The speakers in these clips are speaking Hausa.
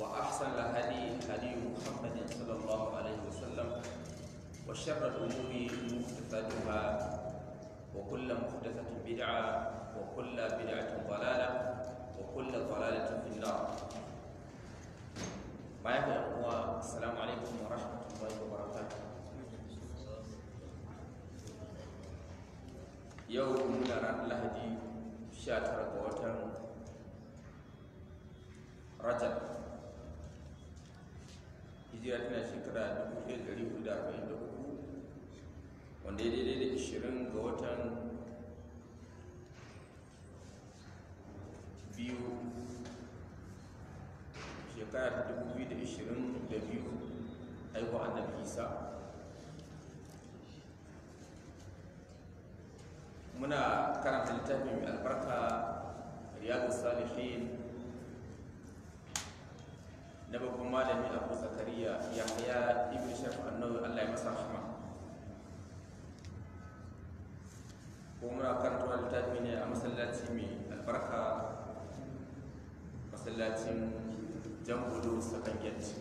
وأحسن الهدي هدي محمد صلى الله عليه وسلم وشر الأمور محدثاتها وكل محدثة بدعة وكل بدعة ضلالة وكل ضلالة في النار معكم هو السلام عليكم ورحمة الله وبركاته يوم نرى الهدي شاتر قوة رجب hijira tana shekara 1443 wanda ya daidai da 20 ga watan biyu shekara ta 2022 aiko annabi isa muna karanta littafin mai albarka riyadu salihin na babban malami abu zakariya ya haya ibn shafi annawi allah ya masa rahama ko muna karantawa littafi ne a masallaci mai albarka masallacin jan gudu sakan yanci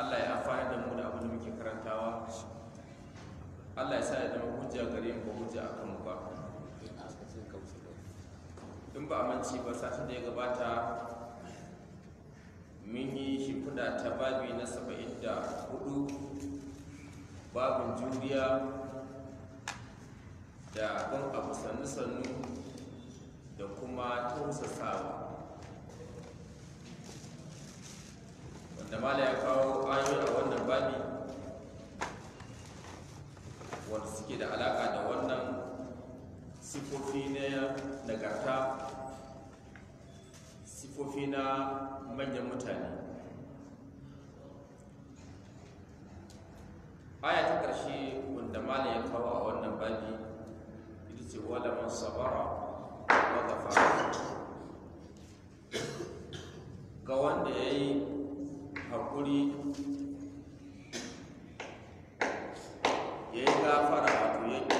allah ya amfani da mu da abin da muke karantawa allah ya sa ya zama hujja gare mu ba hujja a kanmu ba in ba amince ba satin da ya gabata mun yi shi shimfiɗa ta babi na 74 da babin juriya da abin abu sannu-sannu da kuma tausasawa wanda mala ya kawo ayoyi a wannan babi wanda suke da alaƙa da wannan sifofi na nagarta sifofi na manyan mutane aya ta ƙarshe wanda malam ya kawo a wannan babi ita ce wala man sabara wa ghafara ga wanda ya yi haƙuri ya yi gafara wato ya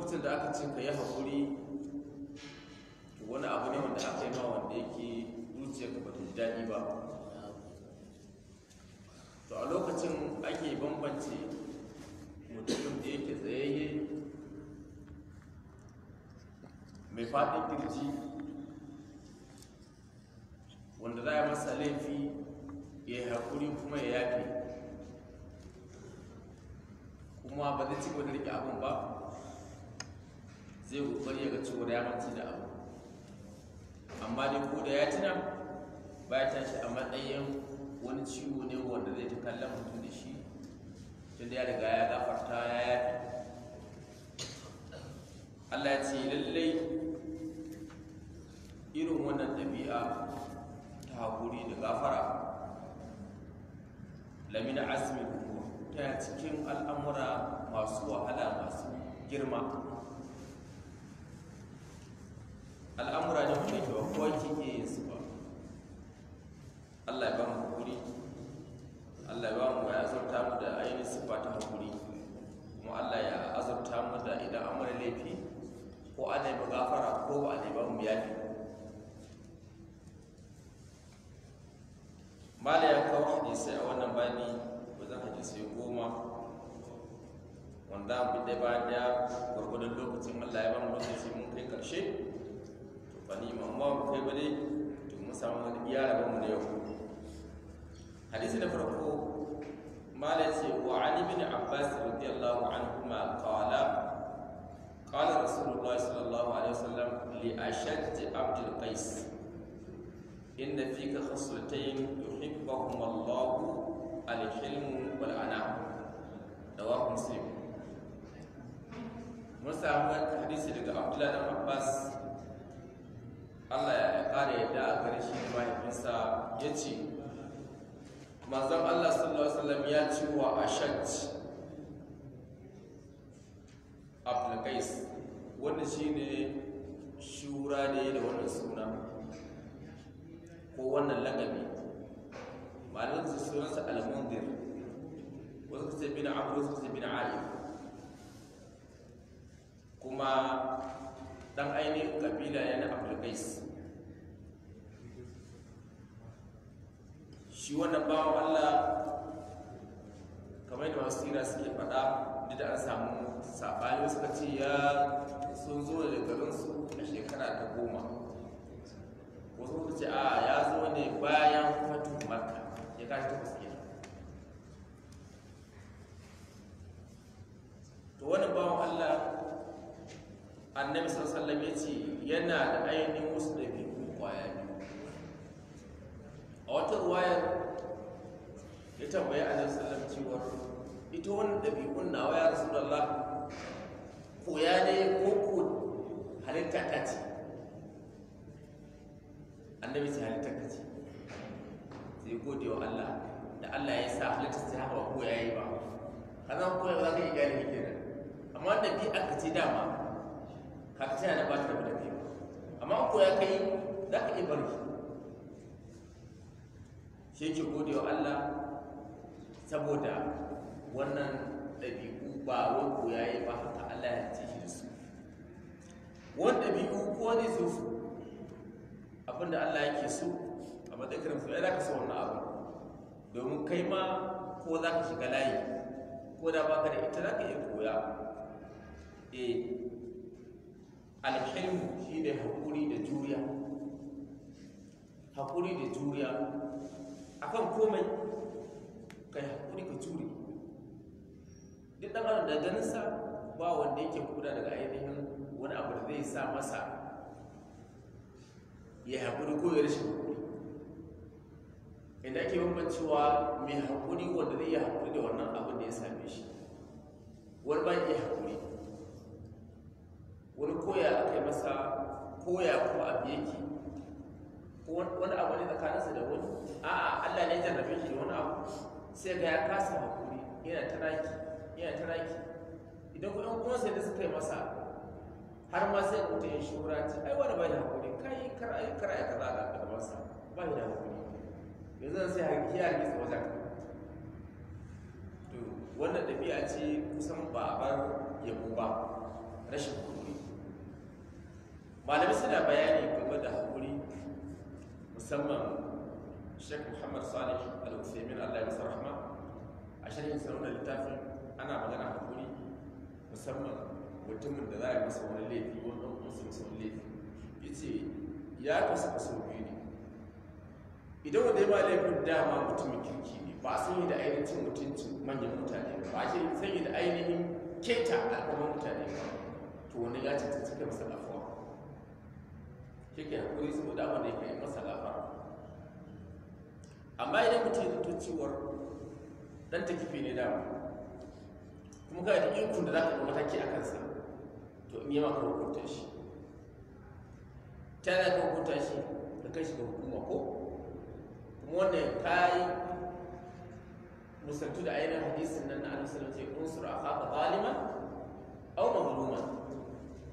lokacin da aka ce ka yi haƙuri wani abu ne wanda aka yi ma wanda yake zuciyarka ba bata ji daɗi ba to a lokacin ake bambance mutumin da yake tsayayye mai faɗin kirji wanda za a masa laifi saboda ya manci da abu amma dai ko da ya tuna ba ya tashi a matsayin wani ciwo ne wanda zai ta kallon mutum da shi da ya riga ya gafarta ya yafi Allah ya ce lallai irin wannan ɗabi'a ta haƙuri da gafara lamina asmi ta cikin al'amura masu wahala masu girma al'amura ne wanda ke kowa kike yin su ba Allah ya ba mu hakuri Allah ya ba mu ya azurta mu da ainihin sifa ta hakuri kuma Allah ya azurta mu da idan an laifi ko an nemi gafara ko ba ne ba mu yafi mala ya kawo hadisai a wannan bani ji sai goma wanda mu da ba da gurgudun lokacin Allah ya ba mu lokacin mun kai karshe amma ba kai ba dai to mun samu wani iya rabon mu na yau hadisi na farko mala ce wa ali bin abbas radiyallahu anhuma qala qala rasulullah sallallahu alaihi wasallam li ashadd abd al-qais inna fika khaslatayn yuhibbuhuma allah al-hilm wal ana rawahu muslim mun samu hadisi daga abdullahi bin abbas Allah ya ƙara yadda a gare shi mahaifinsa ya ce manzon Allah sallallahu alaihi wasallam ya ci wa Ashaj Abdulkais wanda shi ne shura ne da wannan suna ko wannan lakabi malam su sunansa Al-Mundir wasu kace bin Abu wasu kace bin Ali kuma dan ainihin kabila ya na abdulkais shi wannan bawan allah kamar da masu tsira suke faɗa duk da an samu saɓani suka ce ya sun zo da garinsu a shekara ta goma wasu suka ce a ya zo ne bayan fatu maka ya kashi ta fuske to wani bawan allah annabi sallallahu alaihi ce yana da ainihin wasu ɗabi'u kwaya biyu a wata ruwayar ya tambaya a nan sallam cewa ita wani dabi'un nawa ya rasulullah ko ya koya ne ko ko halitta ta ce annabi ce halitta ta ce sai gode wa Allah da Allah ya sa halitta ta haka ko ya yi ba kaza ko ya za ka yi gane kenan amma da bi aka ce dama haka sai na ba ta rabu da kai amma ko ya kai za ka iya bari shi yake gode wa Allah saboda wannan ɗabi'u ba wa ko ya yi ba haka Allah ya ci shi da su wani ɗabi'u ko ne su su abinda Allah yake so a matakarin su ya za ka so wannan abu domin kai ma ko za ka shiga layi ko da baka da ita za ka iya koya eh alhilmu shi ne haƙuri da juriya haƙuri da juriya akan komai kai haƙuri ka juri duk ɗan adam da ganinsa ba wanda yake kuda daga ainihin wani abu da zai sa masa ya haƙuri ko ya rashin haƙuri inda ake bambancewa mai haƙuri wanda zai yi haƙuri da wannan abin da ya same shi wani ba ya haƙuri wani koya aka yi masa koya ko abu yake ki? wani abu ne tsakaninsa da wani a Allah ne ya jarrabe shi da wani abu sai ga ya kasa hakuri yana raki yana raki idan kuma kuma sai da suka yi masa har ma sai kuta yin shura ce ai wani bai da hakuri kai kar ai kar ai kaza ga Ba bai da hakuri yanzu sai hargi ya gisa wajen to wannan dabi'a ce kusan ba a bar yabo ba rashin kuɗi malamai suna bayani game da haƙuri musamman sheikh muhammad salih al-usaimin allah ya masa a sharhin sanar littafin ana magana haƙuri musamman mutumin da za a yi masa wani laifi wani musu musu wani laifi ya ce ya kasu kaso biyu ne idan wanda ya ma laifin dama mutumin kirki ne ba sun yi da ainihin mutunci manyan mutane ba ba sun yi da ainihin keta al'ummar mutane ba to wani ya ce ta cika masa kike hakuri su abin da yake masa gafara amma idan mutum ya zato cewar dan ta kife ne dama kuma ka da ikon da za ka mataki a kansa to in yi maka hukunta shi ta za ka hukunta shi da kai shi ga hukuma ko kuma wannan kai. musaltu da ainihin hadisin nan na annabi sallallahu alaihi wasallam ce unsur akhaka zaliman aw mazluman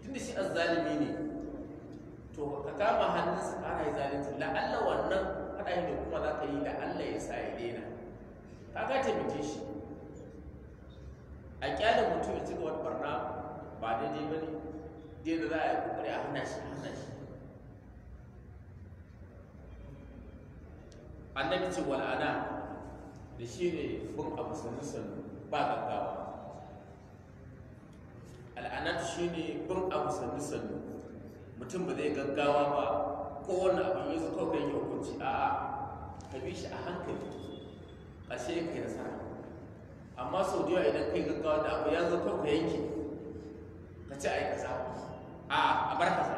tunda shi azzalimi ne to ka kama hannunsa ka yi ya zalunci la'alla wannan yi da kuma za ka yi da Allah ya sa ya daina ka ga mutu shi a kyalin mutum ya cika wani barna ba daidai ba ne daidai za a yi kokari a hana shi hana shi annabi ce wal'ana da shi ne bin abu sannu sannu ba gaggawa al'anar shi ne bin abu sannu sannu mutum ba zai gaggawa ba kowane abin ya zo kan yi hukunci a ka bi shi a hankali ƙashe ka yi nasara amma sau da yawa idan kai gaggawa da abu ya zuko ka yanke ka ci a yi kaza a a bar kaza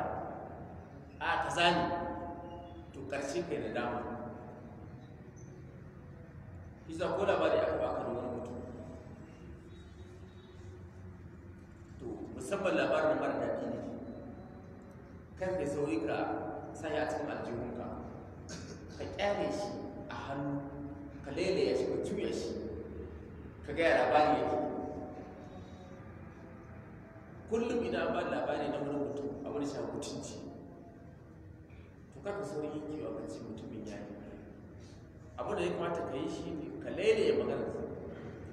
a kaza ne to ƙarshe ka yi na dama ko da ba da aka baka da wani mutum to musamman labarin mara daɗi ne kar da sauri ka sanya a cikin aljihunka ka kyale shi a hannu ka lailaya shi ka juya shi ka gaya labari yake kullum ina ba labari na wani mutum a wani shakutunci to kaka sauri yin kiwa kan ce mutumin ya yi abu da ya kamata ka yi shi ne ka ya maganarsa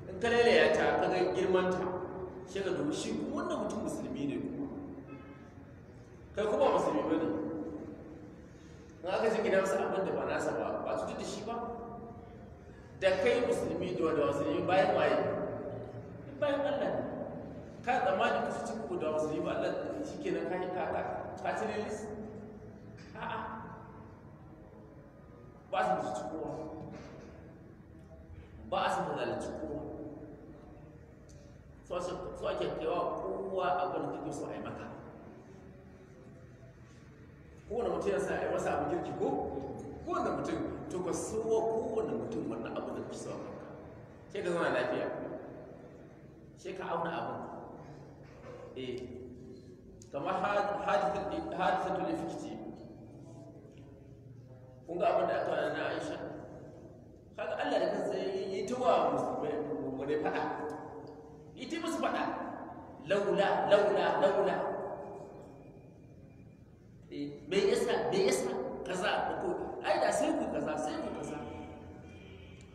in ka ya ta ka ga girmanta shi ka dubi shi wannan mutum musulmi ne kai kuma musulmi ba ne na aka ce gidansa abin da ba nasa ba ba cutar da shi ba da kai musulmi da wanda yi bayan waye bayan allah ne ka tsammanin ku ci ku da yi ba allah shi kenan ka yi kaka ka ci lilis a'a ba su musu kowa ba su halarci kowa so ake kewa kowa abin da kake so a yi maka kowane mutum ya sa ya masa abin girki ko kowane mutum to ka sowa kowane mutum wannan abu da fi wa kanka sai ka zama lafiya sai ka auna abin eh kamar hadisatul ifkiti kun ga abin da aka wani na aisha kaga allah da kansa yi ta wa musulmai faɗa yi ta musu faɗa laula laula laula Eh, me yasa me yasa kaza ko ai da sai ku kaza sai ku kaza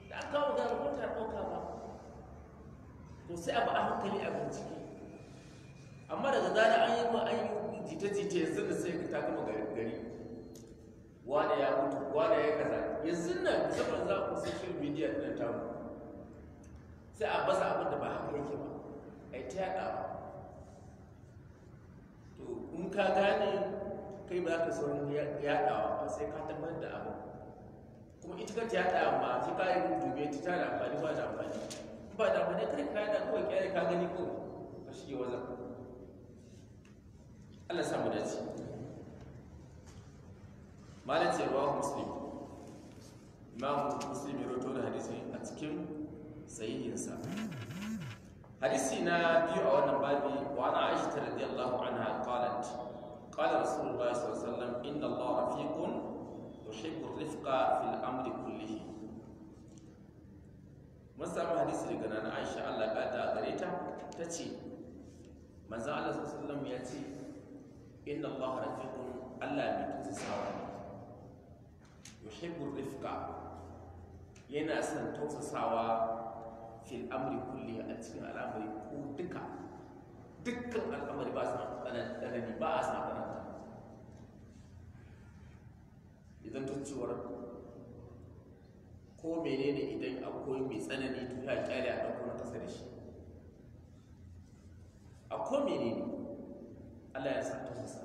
da aka kawo da rubuta ɗauka ba to sai abu a hankali a bincike amma daga zara an yi an yi jita-jita yanzu da sai ka ta gama gari wane ya mutu wane ya kaza yanzu nan musamman za ku social media na tamu sai a basa abin da ba haka yake ba a yi ta yaɗa to in ka gane kai ba za ka saurin yaɗawa ba sai ka tabbatar da abu kuma ita kanta yaɗawa ma sai ka yi dube ta tana amfani ba da amfani ba da amfani kai ka yaɗa kai kyale ka gani ko ka shige wajen Allah samu dace malam ce ruwa muslim imam muslim ya roto da hadisi a cikin sahihinsa hadisi na biyu a wannan babi wa ana aisha radiyallahu anha qalat قال رسول الله صلى الله عليه وسلم إن الله رفيق يحب الرفق في الأمر كله mun samu hadisi daga nan Aisha Allah ya kada a gare ta tace manzo Allah sallallahu alaihi wasallam ya ce inna Allah rafiqun Allah mai tausasawa ne yuhibbu rifqa yana son tausasawa fil kulli a cikin al'amari duka dukkan al'amari ba su tsanani ba a sa tsananta idan ta cewar ko menene idan akwai mai tsanani to ya kyale a ɗauko na ƙasa da shi a ko menene Allah ya sa ta sassa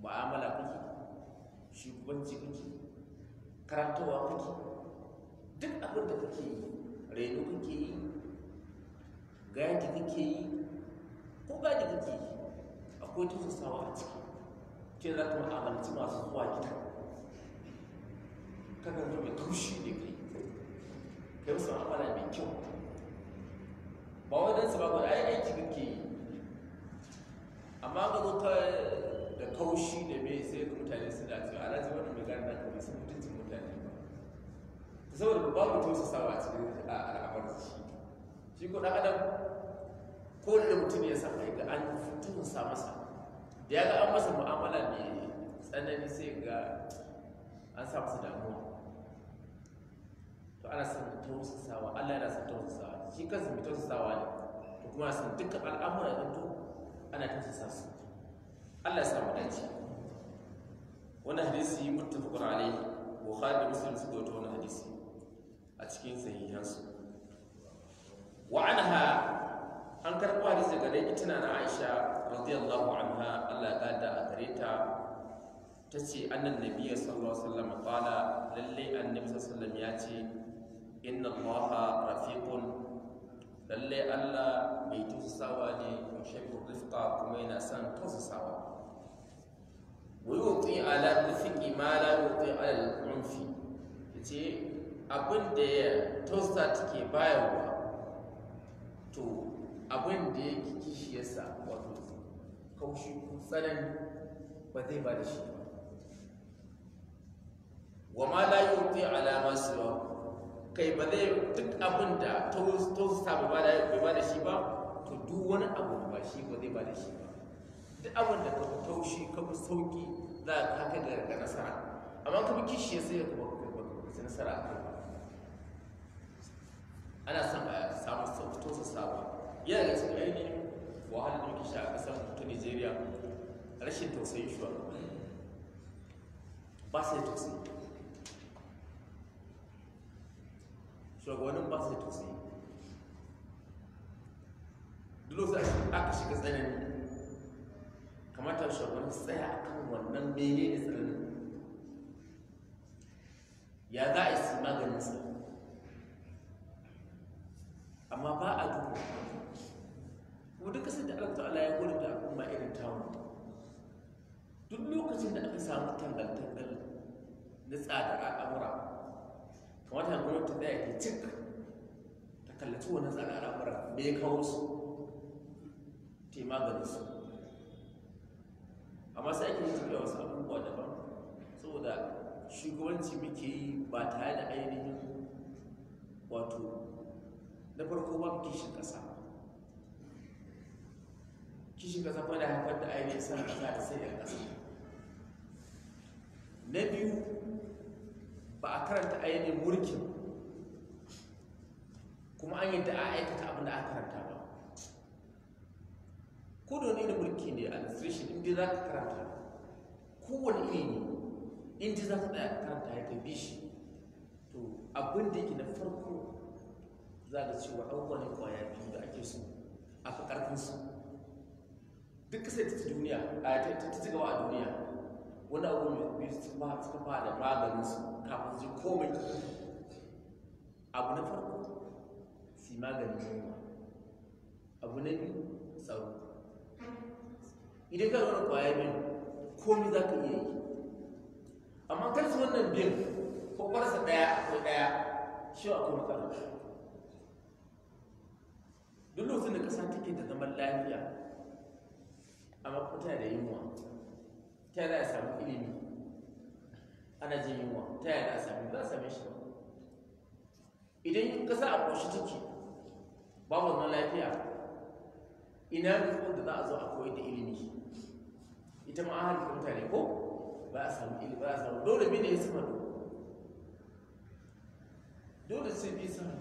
mu'amala kuke shugabanci kuke karatawa kuke duk abinda kuke yi reno kuke yi ga yadda kake yi ko ga da kake yi akwai tausasawa a ciki ke za ka ma'amalci masu zuwa gida kakan zo mai taushi ne kai kai musu ma'amala mai kyau ba su ba ba ai aiki kake yi amma ga zo ka da kaushi da mai sai ga mutane suna cewa ana ce wannan mai gani na kamar sun mutuncin mutane ba saboda babu tausasawa a cikin al'amarci shi ko dan adam ko da mutum ya san ga an fitun sa masa da ya ga an masa mu'amala ne, tsanani sai ga an sa masa damuwa to ana son tausasawa Allah yana son tausasawa shi kansa mai tausasawa ne to kuma san dukkan al'amuran din to ana tausasa su Allah ya sa mu dace wannan hadisi muttafaqun alaihi bukhari da muslim suka rawaito wannan hadisi a cikin sahihansu wa anha an karɓo hadisi daga dai ita na Aisha radiyallahu anha Allah ya da a gare ta tace annan nabiyyi sallallahu alaihi wasallam qala lalle annabi sallallahu ya ce inna allaha rafiqun lalle Allah mai tausasawa ne yushabbu rifqa kuma yana son tausasawa wa yuti ala rifqi ma la yuti ala al-unfi yace abin da ke tausa take to abin da yake kishiyarsa wato kaushi ko tsanani ba zai ba da shi ba wa ma la yuti ala ma siwa kai ba zai duk abin da tausa ba ba da shi ba to duk wani abu ba shi ba zai ba da shi ba duk abin da ka fi taushi ka fi sauki za ka kai ga nasara amma ka bi kishiyar sai ka ba ka nasara a kai ana son a samu sauto su sabu yana da cikin ainihin wahala da muke sha a kasar ta nigeria rashin tausayin shugabanni ba sai tausayi shugabannin ba sai tausayi duk aka shiga tsanani kamata shugabannin su tsaya a kan wannan mene ne tsananin ya za a yi maganinsa amma ba a duka kuma duk sai da Allah ta'ala ya gode da al'umma irin tamu duk lokacin da aka samu tangal-tangal na tsada a al'amura kamata gwamnati da ya ke cik ta kallaci wani tsada al'amura me ya kawo su te maganin su amma sai ake cikin wasu abubuwa daban saboda shugabanci muke yi ba tare da ainihin wato Da farko ba kishin ƙasa kishin ƙasa ba da haifar da ainihin san ƙasa da sai yan ƙasa na biyu ba a karanta ainihin mulkin kuma an yi da a aikata abin da aka karanta ba ko da wani da mulki ne administration inda za ka karanta kowane ilimi inda za ka karanta ya ka shi to abin da yake na farko za ga cewa abubuwan kwaya biyu da ake su a fi ƙarfinsu duk sai ta ci duniya a yata ta ci gaba a duniya wani abu mai biyu suka fa da su kafin su komai abu na farko si maganin yunwa abu na biyu tsaro idan ka wani kwaya biyu komai za ka iya yi amma kan su wannan biyu kwakwarsa ɗaya akwai ɗaya shi akwai matsala duk lokacin da ƙasa take da zaman lafiya amma makwata da yunwa ta yada za a samu ilimi ana jin yunwa ta yada za a samu za a same shi idan kasa a ƙoshi take babu zaman lafiya ina ne da za a zo a koyi da ilimi ita ma an halitta mutane ko ba a samu ilimi ba a samu dole bi ne ya sama dole sai bi sama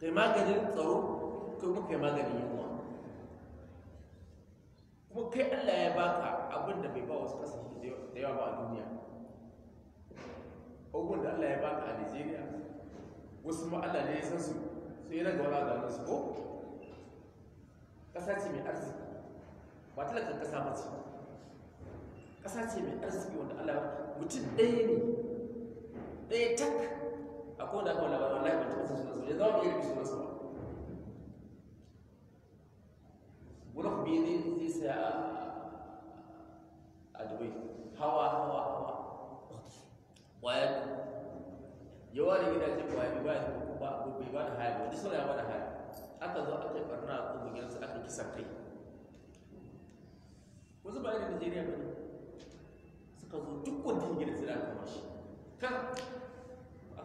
kai maganin tsaro kai kuma kai maganin yunwa kuma kai Allah ya baka abin da bai ba wasu kasashe da yawa ba a duniya ogun da Allah ya baka a Nigeria wasu ma Allah ne ya san su sai ya raga wani ganin su ko kasa ce mai arziki ba talakan kasa ba ce kasa ce mai arziki wanda Allah mutum ɗaya ne ɗaya tak hakuna wala wala mtukufu sunna zao ili sunna sawa ولك بيدي في ساعة أدوية هواء هواء هواء وين يوالي كده جيب وين بيبان بيبان هاي ودي سنة يبان هاي أنت ذو أكل برنا أقوم بجلس أكل كسكري وزي بعدين نيجيريا بني سكازو تكون تيجي نزلها كماشي كم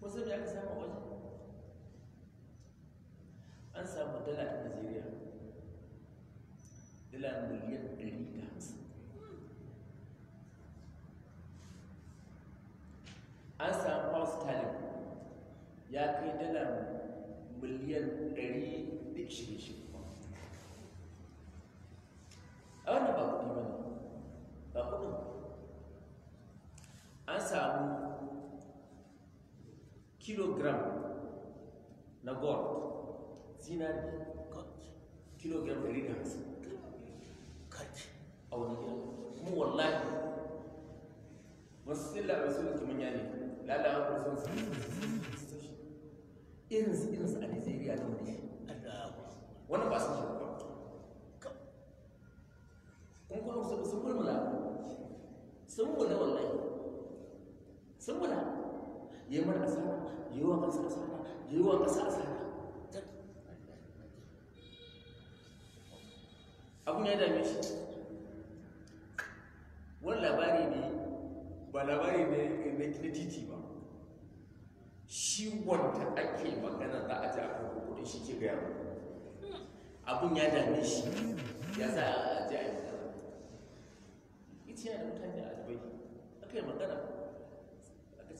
kusan da aka samu a wajen an samu dala a najeriya dala miliyan 150 an samu pound sterling ya kai dala miliyan 126 a wannan ba kudi ba ne ba kudin an samu kilogram na gold zinari kilogram 150 kaki a wani gida kuma wallahi wasu sila a wasu rikimin manya lalawa ko sun su irin su irin su a nigeria da wani wani ba su shirka kun kuma sun mulmula sun mula wallahi sun mula yi mara asara yi wa ƙasa asara yi wa ƙasa asara abin ya dame shi wani labari ne ba labari ne eh, na titi ba shi wanda ake magana za a ji a kan kudin shi ke gaya abin ya dame shi ya sa a ji a yi ita yana da mutane a dubai aka yi magana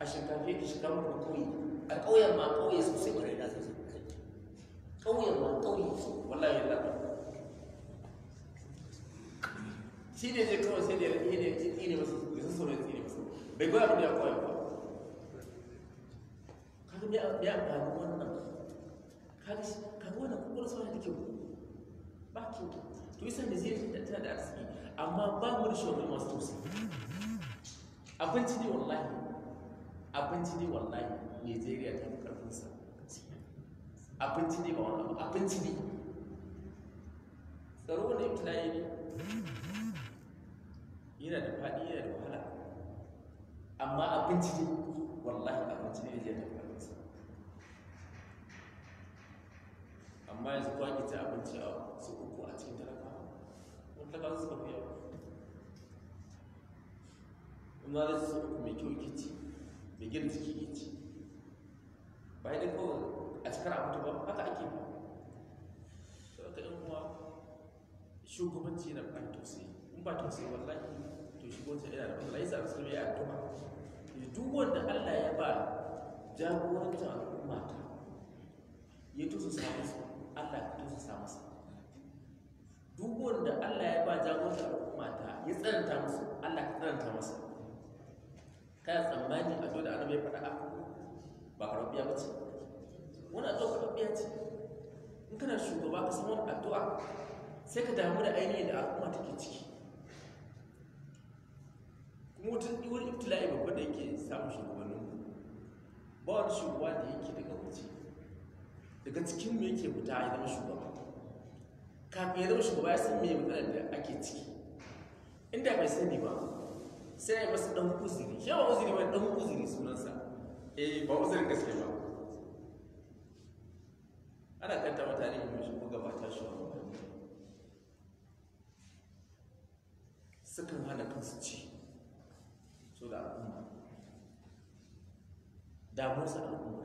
a shinkafe da shiga muku ƙauye a ƙauyen ma ƙauye sosai ƙwarai da kai ƙauyen ma ƙauye wallahi ya lafa shi ne je kawai sai da ya ne ya tsine masu ya san sauran tsine masu bai goya mu da ya ƙauyen ba kaga me amfani wannan kaga kaga wannan kokon sauran da kyau ba kyau to isa da zai da ta da arziki amma ba mu da shi wani masu tausayi abinci ne wallahi abinci ne wallahi nigeria ta fi karfinsa abinci ne ba wani abinci ne tsaro wani ibtila'i ne yana da faɗi yana da wahala amma abinci ne wallahi abinci ne nigeria ta fi karfinsa amma yanzu kwa ki ci abinci a su uku a cikin talakawa wani talakawa suka fi yawa in da su uku mai kyau ki ci mai gina ciki ya ci ba yi ko a cikin abu ba haka ake ba to aka yan kuma shugabanci na bukatar tausayi in ba tausayi wallahi to shugabanci yana da wallahi sa rasul ya da duk wanda Allah ya ba jagorancin al'umma ta ya tusa samu su Allah ya tusa samu su duk wanda Allah ya ba jagorancin al'umma ta ya tsananta musu Allah ya tsananta musu kana tsammani a zo da annabi ya faɗa ba karɓiya ba ce wani addu'a karɓiya ce in kana shugaba ka samu wani addu'a sai ka damu da ainihin da al'umma take ciki kuma wutun iwar ibtila'i babban da yake samu shugabannin ba wani shugaba da yake daga waje daga cikin mu yake fita ya zama shugaba kafin ya zama shugaba ya san me matsalar da ake ciki inda bai sani ba sai ya dan kuzuri shi ba uzuri ba dan kuzuri sunansa eh ba uzurin gaske ba ana kanta mutane mai shi ko gabata shi ba sukan hana kansu ci so da al'umma sa al'umma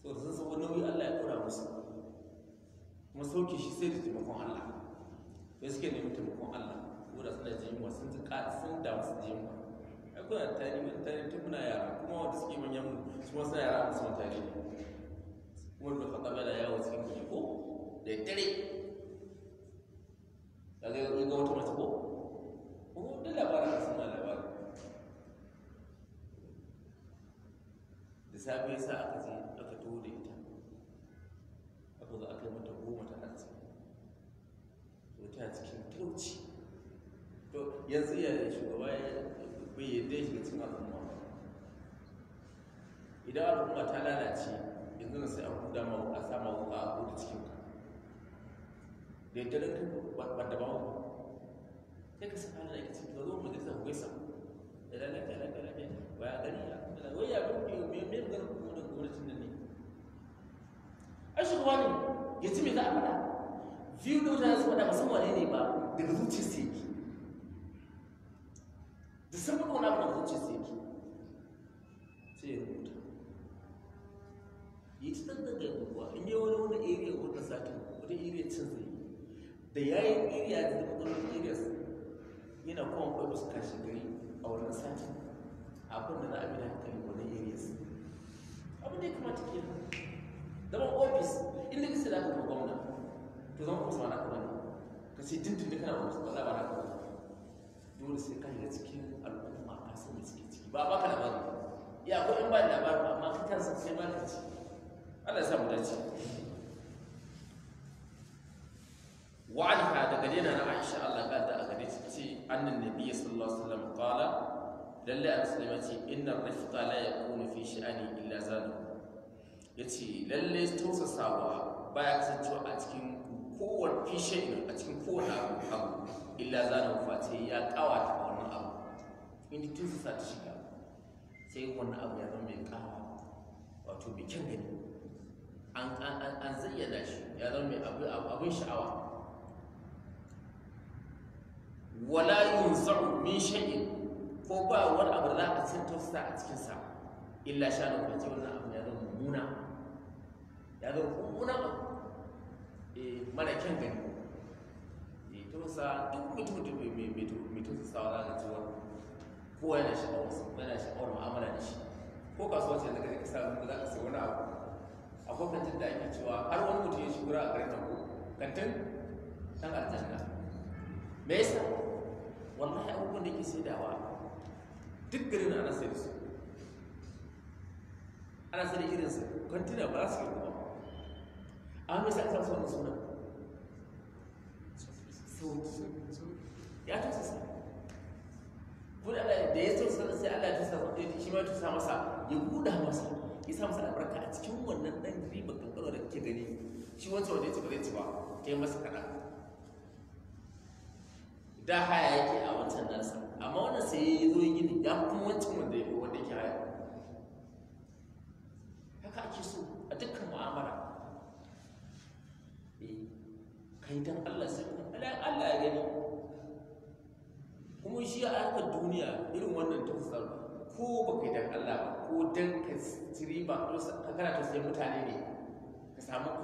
so da sun sabo nauyi Allah ya kura musu kuma sauke shi sai da taimakon Allah sai suke neman taimakon Allah koda suna jin yunwa sun tuka sun damu su jin yunwa ai kuna tare mun tare tun muna yara kuma wanda suke manyan mu su ma yara musu mun tare kuma da faɗa fata da yawo cikin kuɗi ko da tare kaga ga yau ga wata mace ko ko da labarin sun ma labarin da safe sa aka ji aka tuwo da ita aka zo aka yi mata goma ta arziki to ta cikin talauci to yanzu ya shugaba ya bai yadda ya shiga cikin al'umma idan al'umma ta lalace yanzu na sai a kuda ma a sama a cikin ka da yadda ranka ba da ba sai ka san halin ake ciki ka zo majalisa gaisa da lalata lalata lalata ba ya gani ya wai ya ba ku me me ga kuma da gwamnatin nan ne ai shugaba ne ya ci me za a faɗa biyu da wata su ne ba daga zuciyar sai simple na abu da zuci sai ki sai ya rubuta yi ta in yi wani area wata satin wata area da ya yi area da zama ɗaukar areas yana kuma kwaibu su kashi gari a wannan satin abin da za a bi da hankali wani areas abin da ya kamata ke zama ofis inda kisa da aka gwamna to zama kuma na kuma ne ka ce dindin kana wasu kwallaba na kuma dole sai ka shiga cikin al'umma ka san da suke ciki ba baka labarin ya ko in ba labarin amma ka kansa sai ba ka ci Allah ya sa mu dace wa anha daga dena na Aisha Allah ka da aka dace ce annan nabiyyi sallallahu alaihi wasallam qala lalle an sallama ce inna rifqa la yakunu fi sha'ani illa zanu yace lalle tausasawa baya kasancewa a cikin kowane fishe a cikin kowane abu illa za zana sai ya kawata wani abu in tun su sa ta shiga sai wani abu ya zama mai kawa wato mai kyan gani an zayyana shi ya zama mai abin sha'awa wala yin tsaro min shayin ko ba wani abu za a cin tausa a cikinsa illa sha na kwanci wani abu ya zama mummuna ya zama mummunan abu eh, mara kyan gani sa duk mutum mai tusa za ka yana yana mu'amala da shi ko kasuwa ce za wani abu a gwamnatin da ake cewa har wani mutum ya shigo a garin nan kantin dan aljanna me yasa wallahi abubuwan da ke saidawa duk garin ana sai su ana sai da irinsu kantuna ba za su yi kuma A hannun yasa aka sunan to ya tusa ko da da ya tusa sai Allah ya tusa eh, shi ma ya tusa masa ya buɗa masa ya sa masa albarka a cikin wannan ɗan riba kankano da kake gani shi wancan wanda ya ci ba zai ci ba kai masa kaɗan da haya yake a wancan nasa amma wannan sai ya zo gini ya kuma wancan wanda ya wanda yake haya haka ake so a dukkan mu'amala eh kaitan Allah sai Allah ya gani kuma shi a harkar duniya irin wannan ta fuskar ko ba Allah ba ko dan ka tiri ba ka kana mutane ne ka samu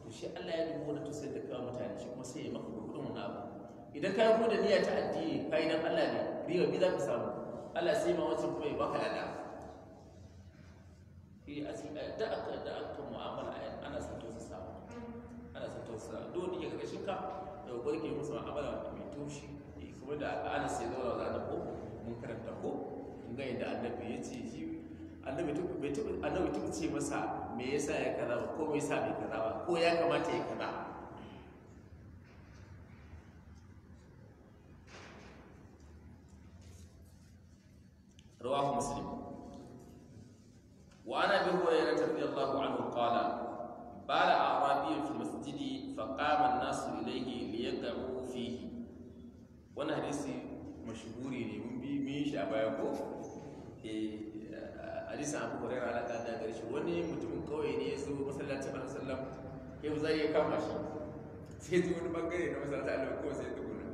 to shi Allah ya dubo na da kawo mutane shi kuma sai ya maka kudin wani abu idan ka da niyya ta addini ka Allah ne riba bi za ka samu Allah sai ma wancan kuma ya baka lada da aka mu'amala fuskantarsa dole ya kaga shinka da barke musu ma'amala mai taushi eh, kuma da aka ana sai zaura za ta ko mun karanta ko kun ga yadda annabi ya ce shi annabi bai taɓa ce masa me yasa ya kaza ko me yasa bai kaza ba ko ya kamata ya kaza sai ji wani bangare na masallaci Allah ko sai duk nan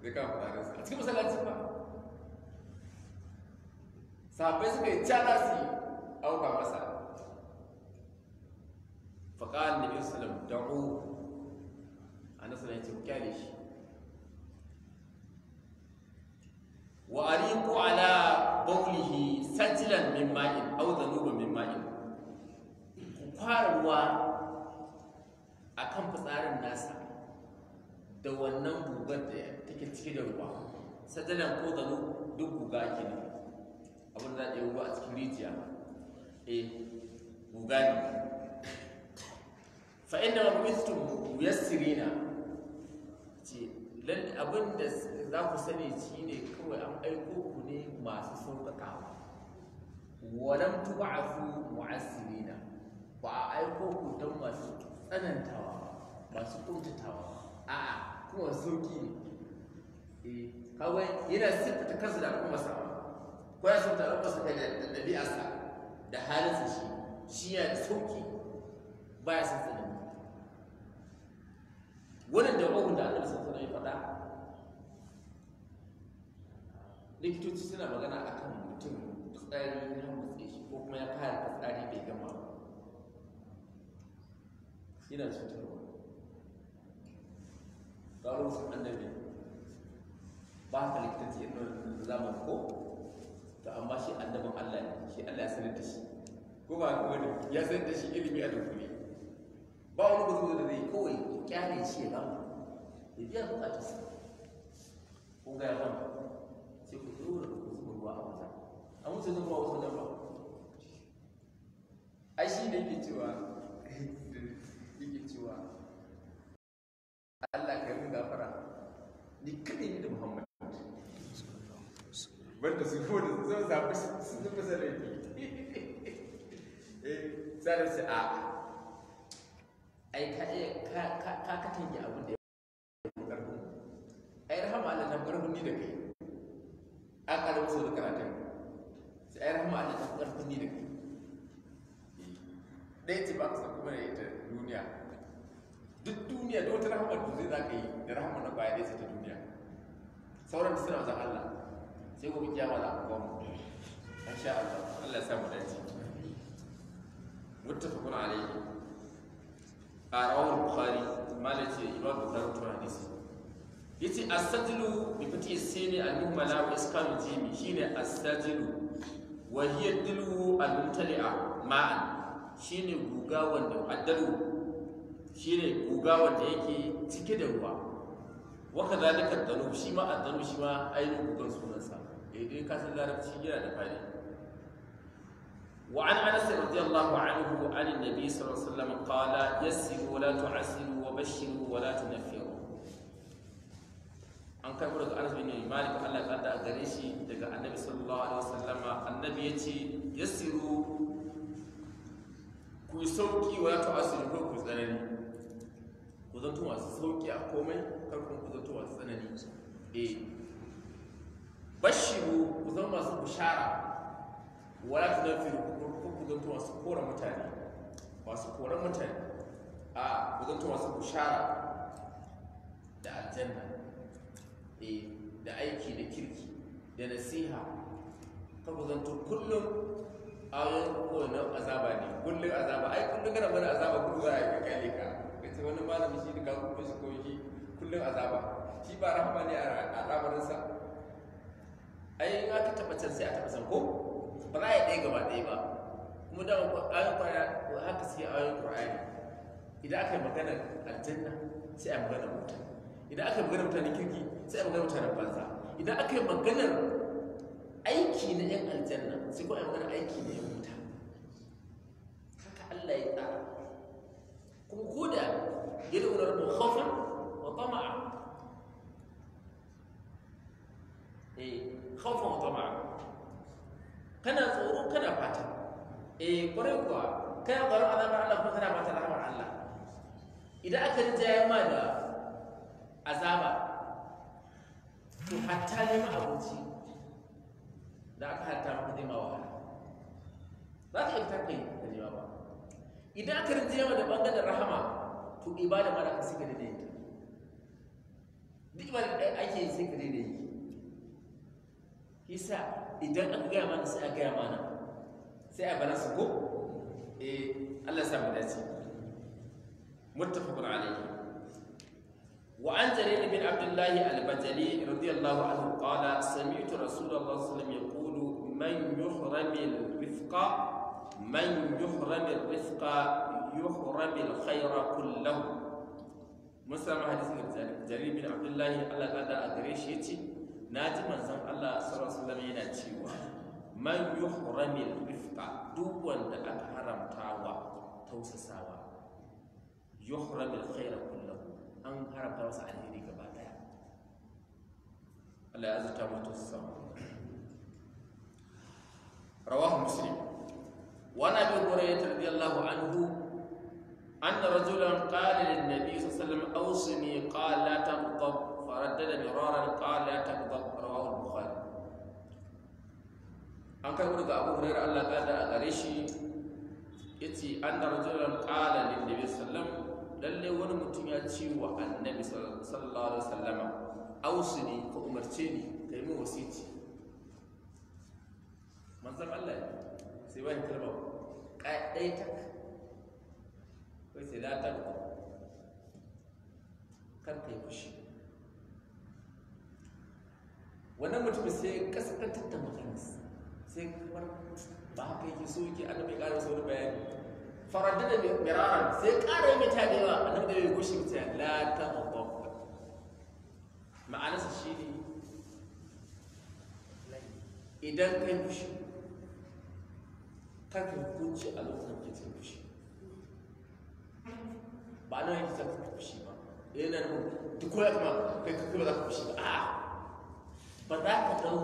zai kan fadarin sa a cikin masallaci ba sahabbai suka yi cara su auka masa faqal nabi sallallahu alaihi wasallam da'u annabi sallallahu alaihi wasallam ya ce kyale shi wa ariqu ala bawlihi sajlan min ma'in aw dhanuban min ma'in ku fara ruwa akan fitsarin nasa da wannan gugar da take cike da ruwa sadalan ko da duk guga ke ne abin da ɗaya ruwa a cikin rijiya e guga ne fa'in da mabuistun muyassirina ce abin da za ku sani shi ne kawai an aiko ku ne masu sauƙaƙawa walam tub'athu mu'assirina ba a aiko ku don masu tsanantawa masu kuntatawa a'a kuma sauki ne eh, kawai yana siffata kansa da al'ummarsa ko ya ta yi da ɗabi'arsa da halinsa shi shi ya da sauki ba ya san tsanani wannan ɓogun da annabi sallallahu alaihi faɗa likitoci suna magana akan mutum tsari na mutse shi ko kuma ya fara tsari bai gama ba yana cutarwa ɗarusun annabi ba ka likitanci irin zaman ko to amma shi annabin allah ne shi allah ya sanar da shi ko ba ka wani ya sanar da shi ilimi a dukuri ba wani gudu da zai kawai kyale shi ya gama ya biya a wajen an wuce ba ne ke Allah ka yi mun gafara ni kaɗai ni da Muhammad wanda su ko da zan zaɓi su nufi eh sai sai a ai ka ka ka abin da ya ƙarfin ai rahama Allah na ƙarfin ni da kai a ƙarfin su da karatun sai ai rahama Allah ta ƙarfin ni da kai eh, ɗaya ce ba ku sa kuma ne ita duniya duk duniya da wata rahama da zai zaka yi da rahama na baya zai ta duniya sauran da suna wajen Allah sai gobe kiyama za a kawo an sha Allah Allah ya samu dace muttafaqun alayhi a rawar bukhari malace imam bukhari to hadisi yace as-sajlu bi fati sini al-muhmala wa iskanu jimi shine as-sajlu wa hiya dilu al-mutali'a ma'an shine guga wanda addalu shine guga wanda yake cike da ruwa wa kadhalika danu shi ma addanu shi ma ainihin gugan sunansa idan eh, ka san larabci yana da fadi وعن انس رضي الله عنه عن النبي صلى الله عليه وسلم قال يسروا ولا تعسروا وبشروا ولا تنفروا an kai daga anas bin malik Allah ya da gare shi daga annabi sallallahu alaihi wasallama annabi yace yasiru ku sauki wa ta'asiru ku tsanani ku zanto masu sauƙi a komai kar kuma ku masu tsanani eh bashiru ku zama masu bishara wala zafi ku zanto masu kora mutane masu koren mutane a ku zanto masu bishara da aljanna eh da aiki da kirki da nasiha kar ku zanto kullum ayoyin kowane azaba ne kullum azaba ai kullum kana mana azaba kullum za a yi kai ka sai wani malami shi da kawo kuma shi ko shi kullum azaba shi ba rahama ne a al'amarinsa ai in aka taɓa can sai a taɓa san ko ba za a yi ɗaya gaba ɗaya ba kuma da ayoyin ko haka suke ayoyin ƙwarya idan aka yi maganar aljanna sai a magana wuta idan aka yi maganar mutanen kirki sai a magana maganar mutanen banza idan aka yi maganar aiki na 'yan aljanna sai kuma a yi magana aiki na 'yan يدعو ربه خوفا وطمعا eh خوفا وطمعا kana tsoro kana fata eh kwarai kuwa kana ala ma Allah kana fata rahamar Allah idan aka ji jayan ma da azaba to hatta neman abinci da aka hatta maka nema wahala za ka iya fita kai da nema ba idan aka ma da bangaren rahama to ibada ba da ka sai da daidai ta duk ibada da ake yi sai ka daidai yi yasa idan aka gaya mana sai a gaya mana sai a balansa ko eh Allah sa mu dace muttafaqun alayhi wa an jarir bin Abdullahi al-bajali radiyallahu anhu qala sami'tu rasulullah sallallahu alaihi wasallam yaqulu man yuhram al-rifqa man yuhram al-rifqa yuhrami alkhaira kullahu mun samu hadisin da jarir bin abdullahi Allah kada a gare shi yace naji manzon Allah sallallahu alaihi yana cewa man yuhrami alrifqa duk wanda aka haramtawa tausasawa yuhrami alkhaira kullahu an haramta masa alheri gaba daya Allah ya azurta mu tausasawa rawahu muslim wa nabi hurairah radiyallahu أن رجلا قال للنبي صلى الله عليه وسلم أوصني قال لا تغضب فردد مرارا قال لا تغضب رواه البخاري an kai daga abu hurairar allah ta da a gare shi ya ce an da rajulan ƙala lindabi sallam wani mutum ya ce wa annabi sallallahu alaihi sallama ausu ne ka umarce ni ka wasiti sai ko sai la tarba kar kai fushi mutum sai kaskantar da sai kamar ba haka yake so yake annabi ƙara so da bayani faranta da sai ƙara yi mata da yawa annabi da ya mata la ta mabba ma'anarsa shi ne idan kai fushi ka a lokacin da kake fushi ba nan yake eh, za ka fushi ba yana nan duk wani kuma kai kai ba za ka fushi ba a, ba za ka dau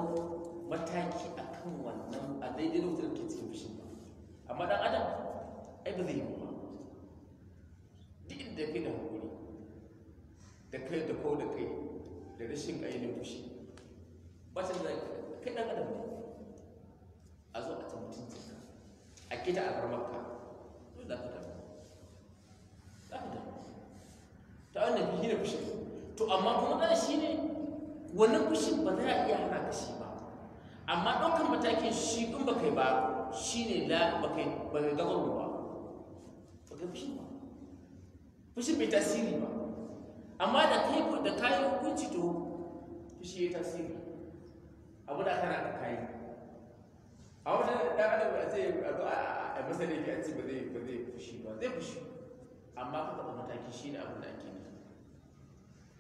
mataki akan wannan a daidai da wutar ke cikin fushi ba amma dan adam ai ba zai yi ba duk inda kai da hakuri da kai da kawo da kai da rashin ainihin fushi ba ta da kai dan adam ne a zo a ta mutunta a kita a bar maka dole za ka damu za ka damu ta wannan shi ne fushi to amma kuma da shi ne wannan fushin ba za a iya hana ka shi ba amma ɗaukan matakin shi in ba kai ba shi ne la ba kai ba kai gagarwa ba ba kai fushi ba fushi bai tasiri ba amma da kai da kayi hukunci to fushi ya tasiri abu da kana ka kayi a wajen ɗan adam ba zai a masa laifi a ce ba zai fushi ba zai fushi amma ka kafa mataki shi ne abin da ake nufi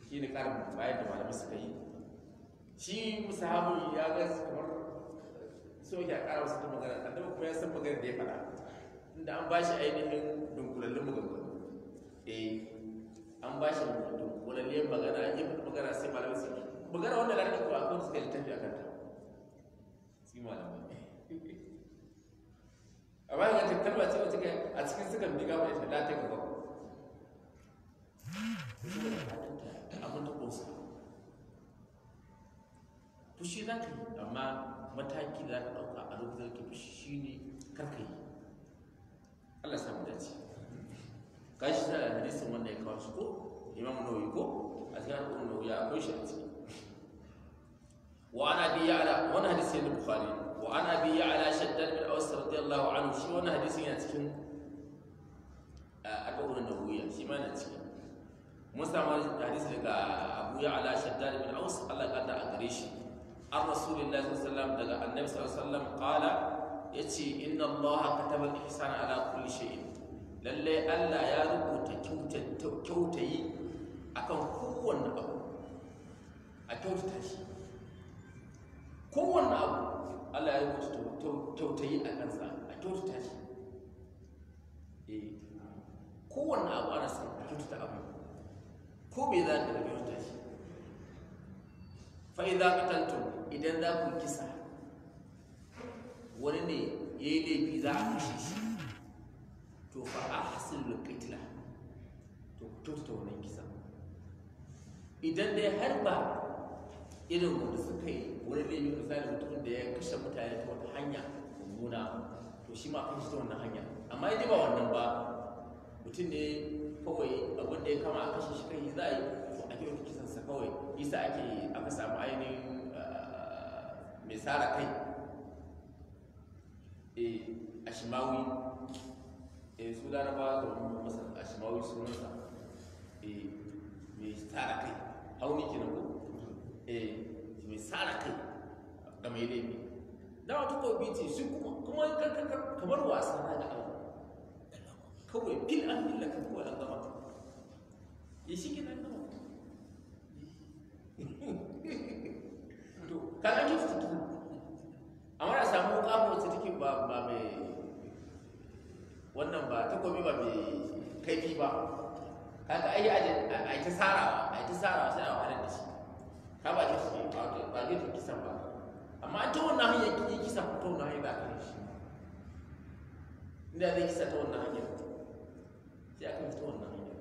shi ne karin bayan da malamai suka yi shi musahabu ya ga kamar so ya kara wasu ta magana annabi kuma ya san magana da ya fara. inda an ba shi ainihin dunkulallun maganganu eh an ba shi dunkulallun magana an yi magana sai malamai yi. magana wanda lalata kuwa akwai suka littafi a kanta sai malamai bayan yana tattalwa ce wata a cikin sukan biga mai talata gaba ya da fushi za ka yi amma mataki da za ka ɗauka a lokacin da fushi shi ne karka yi Allah samu dace ka shi da hadisin wanda ya kawo ko imam nawawi ko a cikin al'ummar ya akwai shi a ciki وعن ابي يعلى وانا حديث البخاري وعن ابي يعلى شداد بن اوس رضي الله عنه شي وانا حديث yana cikin a eh, al'ummar nawawi shi ma na cikin mun samu hadisi daga Abu Ya'la Shaddad ibn Aus Allah ya a gare shi an Rasulullahi sallallahu alaihi wasallam daga Annabi sallallahu alaihi wasallam qala yace inna Allah kataba al-ihsana ala kulli shay'in lalle Allah ya rubuta kyautayi akan kowanne abu a kyautata shi kowanne abu Allah ya rubuta kyautayi a kansa a kyautata shi eh kowanne abu ana sa kyautata abu ko me za ka biyo tashi? shi za ka tantu idan za ku kisa wani ne ya yi laifi za a kashe shi to fa a ahsinul qitla to ku tota wannan kisa idan dai har ba irin wanda suka yi wani laifi misali mutumin da ya kashe mutane ta wata hanya mummuna to shi ma kan shi ta wannan hanya amma idan ba wannan ba mutum ne kawai abin da ya kama a kashe shi kan yi za a yi ake wani kisansa kawai isa ake aka samu ainihin ah, mai tsara kai eh, a shimawi eh, su laraba da wani masa a shimawi nasa eh, mai tsara kai hauni na ko mai tsara kai ga mai laifi dama takobi ce su kuma kamar wasa na da abu kawai bil an illa kan kowa an ya da ba ba mai wannan ba ba mai kaifi ba ai a ta sarawa a ta sarawa sai a wahalar da shi ka ba shi ba ki kisan ba amma an ta wannan hanyar ta wannan hanyar ba shi inda zai kisa ta wannan hanyar sai aka fito wannan hanyar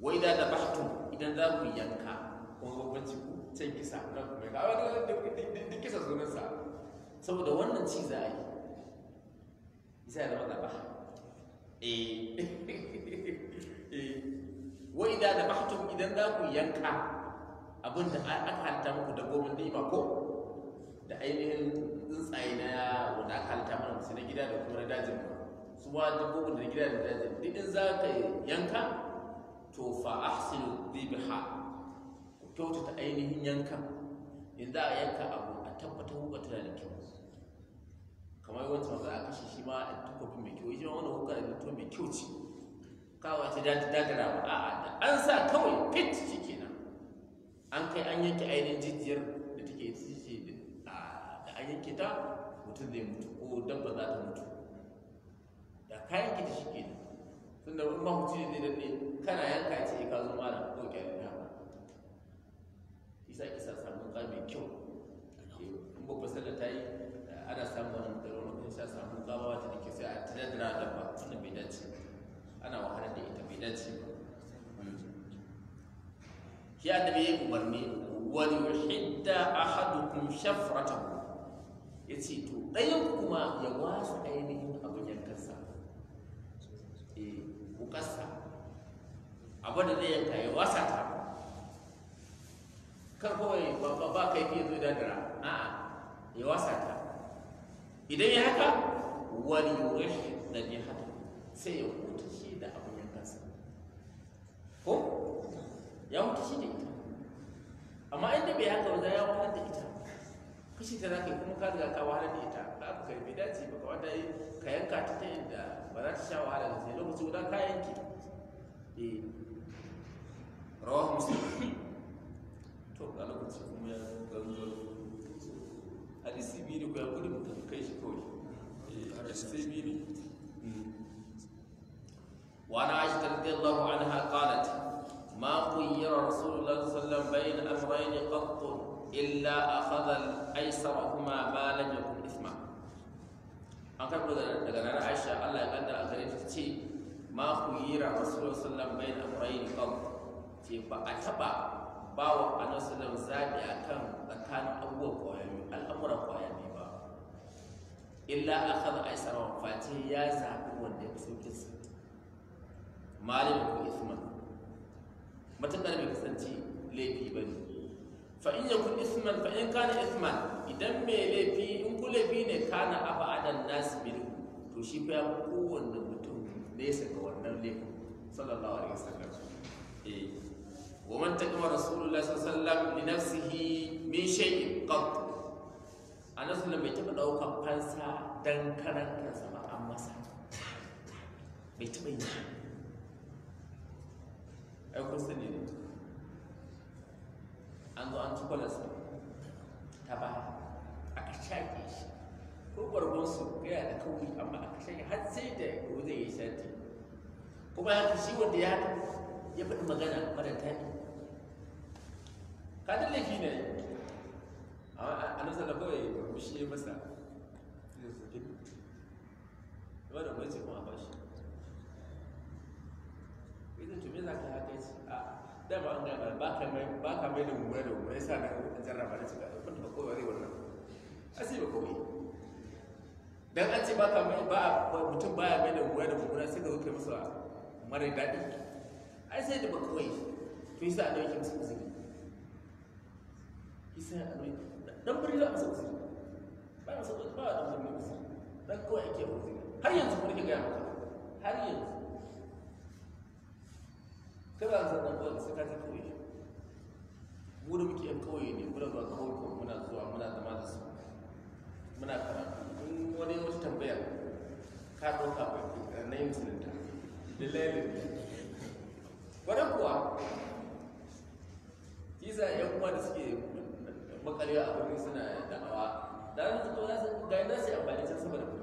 wa idan da bahtu idan za ku yanka kuma babbanci ku can kisa na kuma ka wani da kisa sunansa saboda wannan ci za a yi isa ya zama da ba eh. eh. wai da da bahatu idan za ku yanka abinda aka halitta muku da ni'ima ko da ainihin tsuntsaye na wanda aka halitta mana musu na gida da kuma na dajin ba su ma dabbobin da gida da daji duk in za ka yanka to fa ahsinu dhibha ku kyautata ainihin yanka in za a yanka abu a tabbatar hukar tana da kyau kamar yawanci maza a kashe shi ma a takofi mai kyau shi ma wani hukar da mutum mai kyau ce kawai ta daji dagara ba da an sa kawai fit shi kenan an kai an yanke ainihin jijiyar da take yi ce da an yanke ta mutum zai mutu ko dabba za ta mutu da kayan ki shi ke tun da ba mutum ne da ne kana yanka ce eh, ka zo mana ko kyalin ya ba isa isa samu ka mai kyau eh, in ba fasala ta yi ana samun wani mutane wani kuma sai samu gawa ta ke sai a tunadira da ba da mai dace ana wahalar da ita mai dace ba shi a ya umarni wal yuhidda shafratan Ya ce to ɗayan kuma ya wasu ainihin Kasa abu da zai yanka ya wasa ta kar kawai ba ba kai fiye zo da dara a ya wasa ta idan ya haka wani wuri da bi haka sai ya huta shi da abin yankansa ko ya huta shi da ita amma inda bai haka ba za ya hutar da ita fushi ta za ka yi kuma ka riga ka wahala da ita da aka kai bai dace ba kawai ka yanka ta ta inda ba za ta sha wahala da sai lokaci guda ka yanke eh rawahu muslim to ga lokaci kuma ya ganzo hadisi biyu ne ko ya gudu mutum kai shi kawai eh, hadisi biyu ne وعن عائشة رضي الله عنها قالت ما خير رسول الله صلى الله عليه وسلم بين أمرين قط إلا أخذ aisarahuma kuma lam yakun isma an karɓo daga nan Aisha Allah ya kaddara a gare ta ce ma ku yi sallallahu alaihi wasallam bain amrayn qad ce ba a taba ba wa annabi sallallahu zabi akan tsakanin abubuwan kwayoyi al'amura kwayoyi ba illa akhadha aisarahu fati ya zabi wanda ya fi su. malamin ku isma matakan bai kasance laifi ba ne fa in kun isman fa in kana isman idan mai laifi in ku laifi ne kana aba adan nasu biyu to shi fa kowanne mutum nesa ga wannan laifin sallallahu alaihi wasallam eh wa man taqama rasulullahi sallallahu alaihi wasallam li nafsihi min shay'in qat anas lam bai taba daukar fansa dan karanta zama an masa bai taba yi ai kun sani ne an zo an ci kwalas ta ba a aka shaƙe shi ko gwargonsu yana da kauri amma a aka shaƙe har sai da zai yi sati kuma ya shi wanda ya ya faɗi magana mara taɗi ka dan laifi ne a nan sallah kawai mushi masa wannan wani ce kuma ba shi yanzu to me za ka haka ce a dama an ba ka mai ba ka mai da da yasa na jarraba da cika da zai wannan asi ba dan an ce ba ka mai ba mutum mai da da sai masa mara daɗi ai sai da to yasa a uzuri yasa a dan za a masa uzuri ba masa uzuri ba a uzuri dan kawai uzuri har yanzu kuma ke gaya maka har yanzu kana san nan ba sai ka kawai mu da muke yan kawai ne muna ba kawai ko muna zuwa muna zama da su muna karatu in wani wata tambaya ka ɗauka ba na yin sinanta lallai lallai bari kuwa Iza yan uwa da suke makalewa a wurin suna da'awa da an zuto za su gani za su yi amfani ta saboda da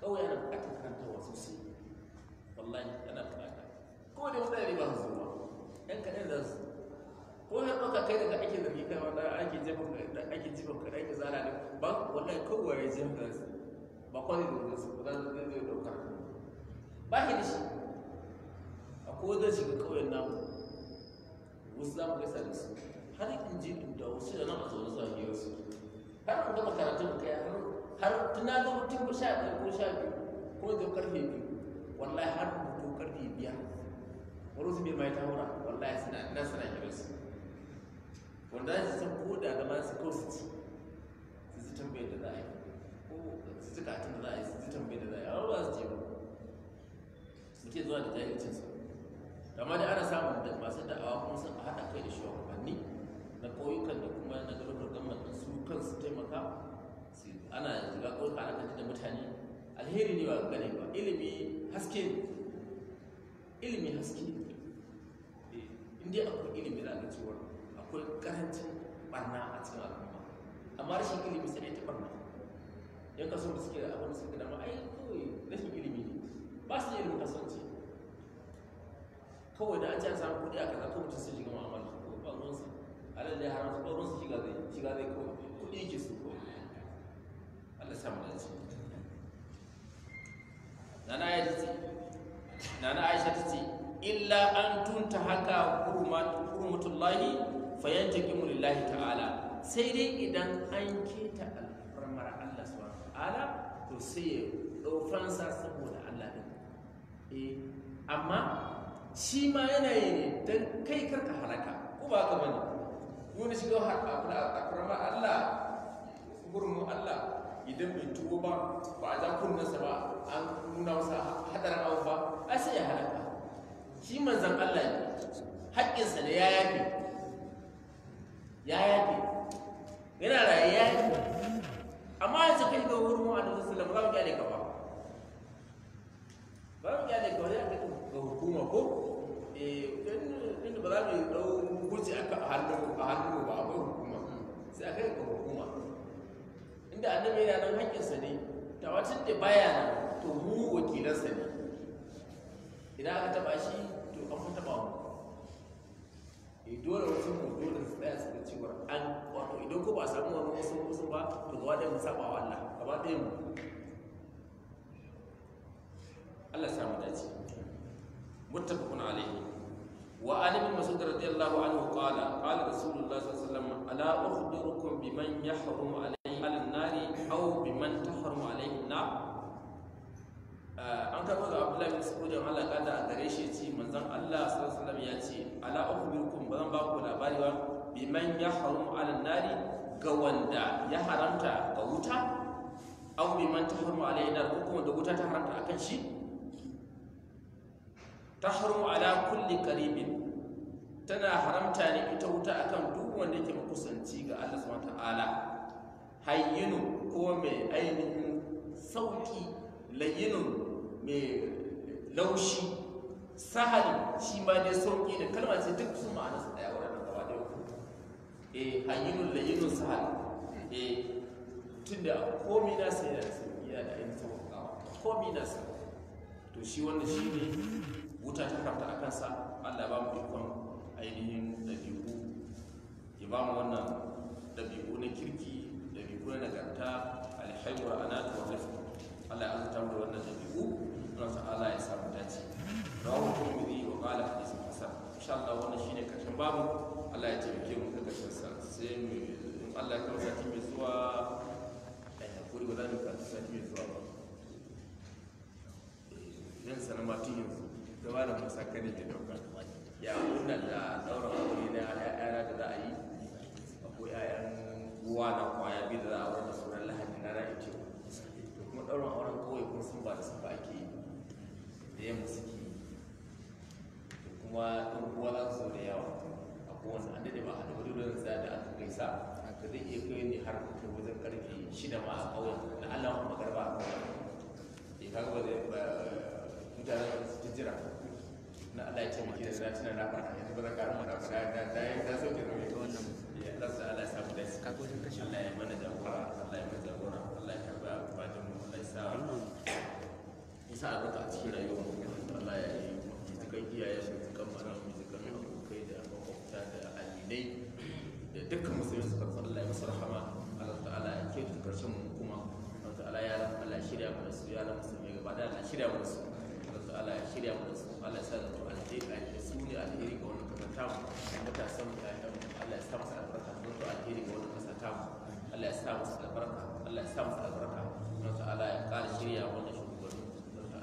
kawai yana bukatar wasu sosai wallahi yana kuma da mutane ba su ba yan kaɗan za su ko ya ɗauka kai daga ake zargi kai wanda ake jefa da ake jefa kai ake zala ne ba wallahi kowa ya jefa da su ba kwani da su ba za su zai ɗauka ba shi da shi a ko shi shiga ƙauyen namu wasu za mu gaisa da su har in ji da wasu da nama zaune su a hiyar su har an gama karatun kai har tuna zama tun ba sha ɗaya ko sha biyu ko zai karfe biyu wallahi har mutu karfe biyar wani su bai mai ta hura wallahi suna nan suna kira su wanda za su san ko da gama su ko su ci su ji tambayar da za a yi ko su ji katin da za a yi su ji tambayar da za a yi a wani ba su ce ba suke zuwa da jahilcin su amma da ana samun da masu da'awa kuma sun haɗa kai da shugabanni na ƙauyukan da kuma na garuruwar gwamnatin su kansu taimaka ana shiga ƙauyuka ana kanta da mutane alheri ne ba gane ba ilimi haske ilimi haske inda akwai ilimin na cewa akwai karancin barna a cikin al'umma amma rashin ilimi sai ne ta barna ya kaso da suke da abin suke da ai kawai rashin ilimi ne ba su ilimin kasance kawai da an ci an samu kuɗi a kaza ko mutum sun shiga ma'amala ko ba ruwansa alal da ya haramta ba ruwansa shiga zai shiga zai kawai kuɗi yake su ko Allah sa samu dace nana ya ce nana Aisha ta ce illa an tunta haka hurmatullahi fayantaqimu lillahi ta'ala sai dai idan an keta alfarmar Allah subhanahu ta'ala to sai ya daufansa saboda Allah din eh, amma shi ma yana yi ne don kai karka halaka ko ba ka bane wani shiga da alfarmar Allah gurmu Allah idan bai tuwo ba ba a ja kunnansa ba an nuna wasa hadarin abu ba ai sai ya halaka shi manzan Allah ne haƙƙinsa ne ya yafe ya yafe yana raye ya yafe amma yanzu cikin ga wurin mu da sallallahu alaihi ba mu kyale ka ba ba mu kyale ka wani ga hukuma ko eh din ba za mu yi dau gurji aka hannu ba hannu ba akwai hukuma sai aka yi hukuma inda annabi yana nan haƙƙinsa ne wacin da baya to mu wakilansa ne idan aka taba shi to an mun taɓa mu dole wasu su tsaya cewar an wato idan ko ba samu wani wasu wasu ba to gaba ɗaya wa Allah gaba ɗaya mu Allah samu dace muttafaqun alayhi wa an ibn mas'ud radiyallahu anhu qala qala rasulullah sallallahu ala biman yahrumu alayhi al-nari hau biman tahrumu alayhi na. Eh, an karɓo da abdullahi su sa'udin allah kada a gare shi ci manzan allah sallallahu ya ce ala ukhbirukum ba zan ba ku labari ba biman ya haramu ala nari ga wanda ya haramta ga wuta bi man ta haramu ala yanar ko kuma da wuta ta haramta akan shi ta haramu ala kulli karibin tana haramta ne ita wuta akan duk wanda ke makusanci ga allah ta'ala hayyinu ko mai ainihin sauki layinun mai laushi sahali shi ma dai sauƙi da kalmar ce duk su ma'ana su ɗaya wurin gaba da yau eh hayyinun layyinun sahali eh tun da komi na sai yana sauƙi yana da yin sauƙawa komi na sauƙi to shi wanda shi ne wuta ta haramta a kansa allah ba mu ikon ainihin ɗabi'u ya ba mu wannan ɗabi'u na kirki ɗabi'u na nagarta alhaimura anatu wa rifku allah ya azurta mu da wannan ɗabi'u Allah ta'ala ya samu dace rawu tirmidhi wa qala hadith hasan insha Allah wannan shine karshen babu Allah ya taimake mu daga karshen sa sai mu in Allah ya kawo sati mai zuwa eh, sati mai zuwa eh, da dauka ya da daura da za a yi akwai ayyan uwa na kwaya da za a wurin da lahadi na ra'ayi ce kuma ɗaurin auren kawai kuma sun ba da sun ba ake da yamma suke yi kuma ɗan kuwa za su zo da yawa a kowane an daɗe ba a da wani ruwan da aka gaisa haka zai iya kai ni har da wajen karfe shida ma a ƙauyen na allah kuma karba a ƙauyen ya eh, kaga ba zai da su jijjira na allah ya ce mu da na tunan na farka yanzu ba zan ƙara mu da da da ya sauke da mai wannan ya rasa allah ya samu da su kaga kashe allah ya mana jagora allah ya mana jagora allah ya karɓa bajin mu allah ya sa sa albarka a cikin rayuwar Allah ya yi jikan abokai da makwabta da aminai da dukkan musulmi su karɓi ya rahama Allah ta'ala ya kyautu karshen mu kuma Allah ta'ala ya Allah shirya mu da su ya gaba da Allah shirya mu da su Allah ta'ala ya shirya mu da su Allah ya sa da su alheri su ne alheri ga tamu mu ya Allah ya sa albarka zo alheri ga tamu Allah ya sa albarka Allah ya sa albarka Allah ta'ala ya shirya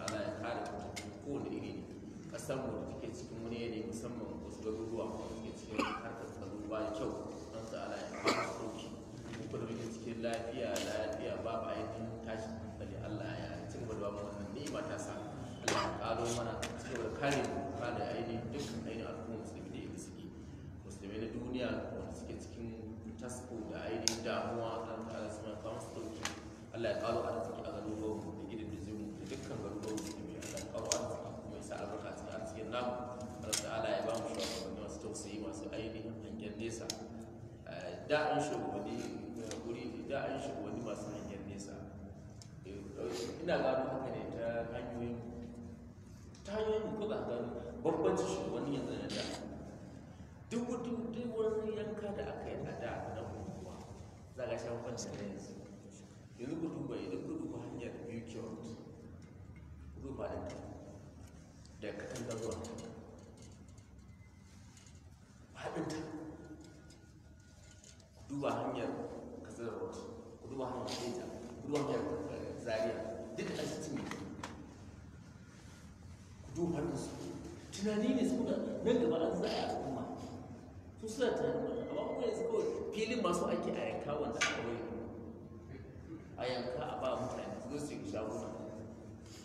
ta'ala ya kare ku kowane iri ne kasar mu da take cikin wani yanayi musamman wasu garuruwa wanda suke cikin harkar tsaro ba kyau don ta'ala ya kare ku sauki kuma da muke cikin lafiya lafiya ba ba yin tashi hankali Allah ya ci gaba da ba mu wannan ni'ima ta sa Allah ya karo mana ci gaba da kare mu kare ainihin dukkan ainihin al'ummar musulmi da yadda suke musulmi na duniya wanda suke cikin tasko da ainihin damuwa don ta'ala su mai kawo su Allah ya karo arziki a garuruwan mu dukkan garuruwan musulmi Allah karo arziki kuma sa albarka cikin arzikin namu Allah ta'ala ya ba mu shugabanni masu tausayi masu ainihin hangen nesa eh, da an shugabanni eh, guri da an shugabanni masu hangen nesa eh, ina gano haka ne ta hanyoyin ta hanyoyin ko za gano bambancin shugabanni yanzu na da duk wani yanka da aka yi a da na kuma za ka shan kwanci na yanzu yanzu ku duba idan ku duba hanyar biyu kyau ba da ta da da zuwa ta faɗinta duba hanyar kasar rotu ku duba hanyar keja ku duba hanyar eh, zariya duk a cikin ku da su tunani ne da nan gaba an za a kuma su suna tunani amma kuma yanzu kawai filin masu ake a yanka wanda a kawai a yanka a ba mutane su zo su yi shaguna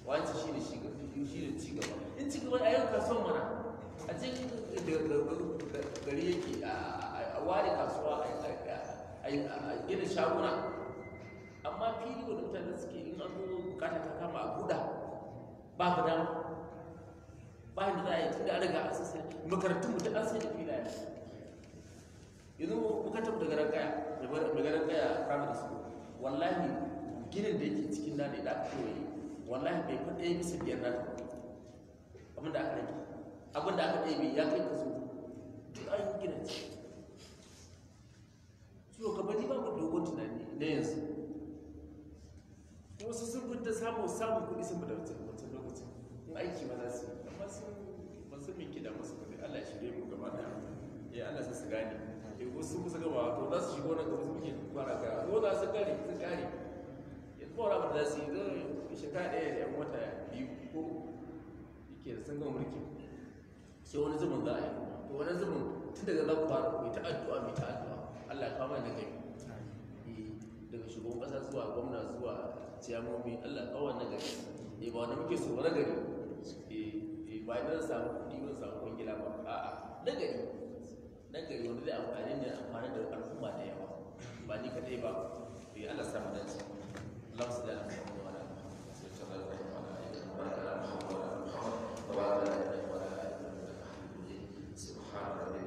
wancan shi ne shi ci gaba in ci gaba ayyukan kasuwan mana a ce gari yake a ware kasuwa a gina shaguna amma fili wanda mutane suke in an zo bukata ta kama a guda ba ka dama ba da za a yi tun da an riga a sassa makarantun mutu an sai da filaye yanzu bukatar da garan kaya da garan kaya primary school wallahi ginin da yake cikin da ne da aka yi. wallahi bai fi ɗaya bisa biyar nan? ta abinda aka rage abinda aka ɗaya ya kai ka kaso duk an yi gina ce so ka bari ba ku dogon tunani na yanzu wasu sun fi ta samun samun kuɗi sun fita wancan lokacin in aiki ma za su yi amma sun ba su mai kida masu kuɗi allah shirye mu gaba da ya eh, allah su su gane ya eh, wasu kusa gaba to za su shigo nan gaba su muke kwana kara ko za su kare su kare ya kora wani abu da za su yi mai shekara ɗaya da yan wata biyu ko yake da sun gama mulki sai wani zubin za a yi to wani zubin tun daga za ku fara mai ta addu'a mai ta addu'a Allah ya kama da eh, daga shugaban ƙasa zuwa gwamna zuwa ciyamomi Allah ya kama na gari eh ba wanda muke so na gari eh, eh ba idan samu kuɗi mun samu kwangila ba a'a na gari na gari wanda zai amfani ne amfani da al'umma da yawa ba ni kaɗai ba eh, ya Allah sa mu dace Allah su da alamu ولا وعلى محمد وعلى محمد ولا على اخواننا سبحان ربك